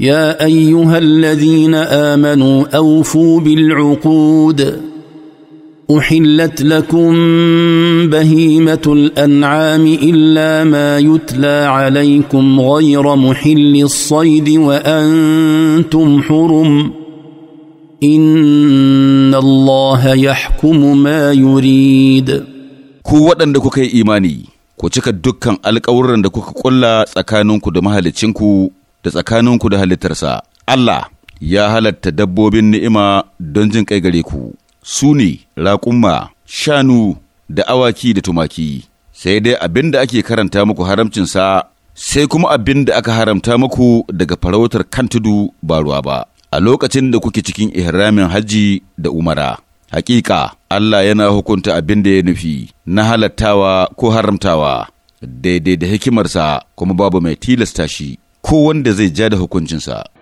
يا ايها الذين امنوا اوفوا بالعقود احلت لكم بهيمه الانعام الا ما يتلى عليكم غير محل الصيد وانتم حرم ان الله يحكم ما يريد ku waɗanda kuka yi imani ku cika dukkan alƙawurran da kuka ƙulla tsakaninku da mahalicinku da tsakaninku da halittarsa, Allah ya halatta dabbobin ni'ima don jin kai gare ku, su ne raƙumma, shanu da awaki da tumaki, sai dai abin da ake karanta muku haramcinsa, sai kuma abin da aka haramta muku daga farautar kan tudu ba ruwa ba, a lokacin da kuke cikin ihramin hajji da umara. Hakika Allah yana hukunta abin da ya nufi na halattawa ko haramtawa, daidai da hikimarsa kuma babu mai tilasta shi. ko wanda zai ja da hukuncinsa.